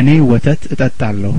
እኔ ወተት እጠጣለሁ